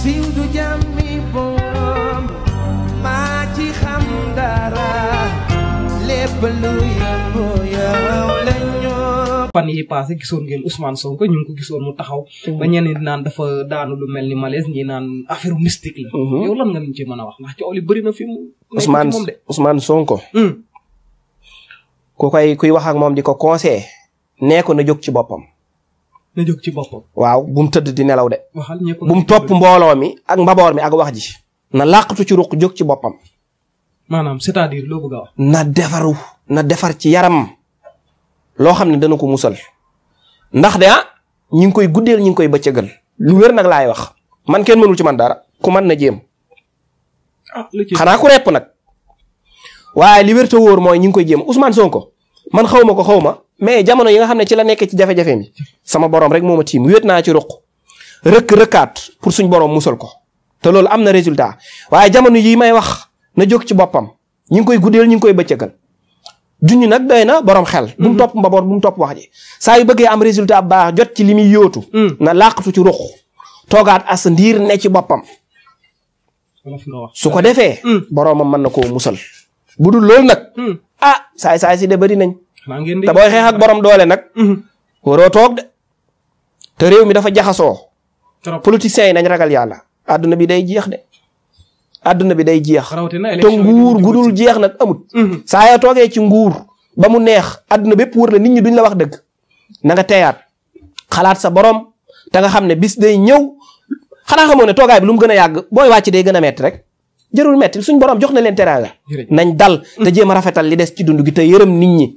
siiw du jàmmi boom maa xam dara lépp lu yëngu yow la fan yi passé gisoon ngeen Ousmane Sonko ñu ko gisoon mu taxaw mm-hmm. ba ñenn di naan dafa daanu lu mel ni malaise ñi naan affaire mystique la mm-hmm. yow lan nga ñu ci mën a wax ndax coow li bëri na fi mu Ousmane Ousmane Sonko mm. ku koy kuy wax moom di ko conseillé nee ko na jóg ci boppam na jóg ci waaw bu mu tëdd di nelaw de. bu mu topp mbooloo mi ak mbaboor mi ak wax ji. na làqatu ci ruq jog ci boppam. maanaam c'est-à-dire loo bëgg a na defaru na defar ci yaram loo xam ne dana ko musal ndax de ah ñi ngi koy guddeel ñi ngi koy bëccëgal lu wér nag laay wax man kenn mënul ci man dara ku man na jéem. Ah, xanaa ku repp nag waaye li wér te wóor mooy ñi ngi koy jéem Ousmane Sonko man xaw ko xaw mais jamono yi nga xam ne ci la nekkee ci jafe-jafe mi sama borom rek moom ma tiim wéet naa ci ruq rëkk rëkkaat pour suñ borom musal ko te loolu am na résultat waaye jamono yi may wax na jóg ci boppam ñi ngi koy guddeel ñi ngi koy bëccëgal junj nag doy na borom xel. bu mu mhm. topp mbaboor bu topp wax ji saa yu bëggee am résultat baax jot ci li muy yóotu. Mm. na làqatu ci ruq toogaat as ndiir ne ci boppam. su ko defee. borom mm. boromam mën na koo musal. bu du loolu nag. Mm. ah saay saay de bari nañ. te booy xeex ak borom doole nag. Mhm. waroo toog de. te réew mi dafa jaxasoo. politiciens yi nañ ragal yàlla. àdduna bi day jeex de. àdduna bi day jeex. te nguur gudul jeex nag amut. Mhm. saa yoo toogee ci nguur ba mu neex àdduna bépp wër la nit ñi duñ la wax dëgg. nanga teyaat xalaat sa borom te nga xam ne bis day ñëw xanaa xamoo ne toogaay bi lu mu gën a yàgg booy wàcc day gën a metti rek. jërul metti suñ borom jox na leen teraanga. nañ dal te mhm. jéem a rafetal li des ci dund gi te yërëm nit ñi.